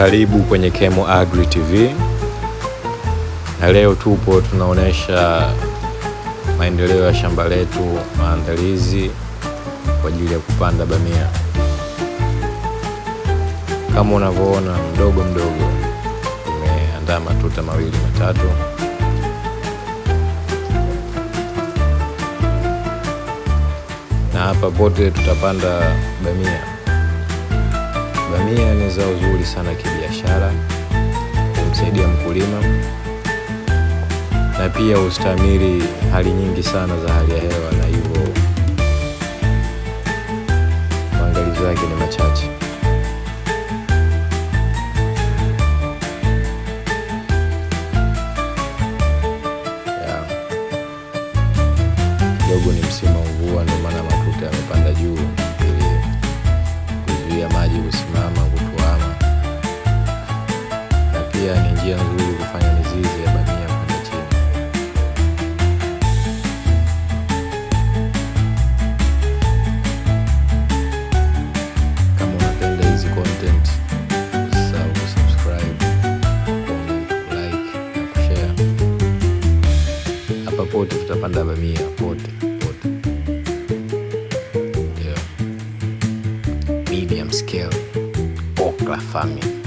Karibu kwenye Kemo Agri TV, na leo tupo tunaonyesha maendeleo ya shamba letu, maandalizi kwa ajili ya kupanda bamia. Kama unavyoona, mdogo mdogo umeandaa matuta mawili matatu. Na hapa pote tutapanda bamia. Bamia ni zao zuri sana kibiashara, humsaidia mkulima na pia ustamiri hali nyingi sana za hali ya hewa, na hivyo maangalizo yake ni machache. Kidogo ni msimu ya maji kusimama kutuama, na pia ni njia nzuri kufanya mizizi ya bamia kwenda chini. Kama unapenda hizi content, usisahau kusubscribe, like na kushare. Hapa pote tutapanda bamia pote. medium scale okra farming.